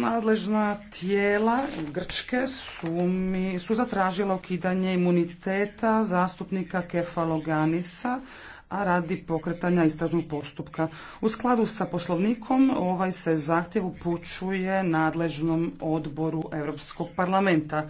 Nadležna tijela Grčke su, mi, su zatražila ukidanje imuniteta zastupnika Kefaloganisa, a radi pokretanja istražnog postupka. U skladu sa poslovnikom ovaj se zahtjev upućuje nadležnom odboru Europskog parlamenta.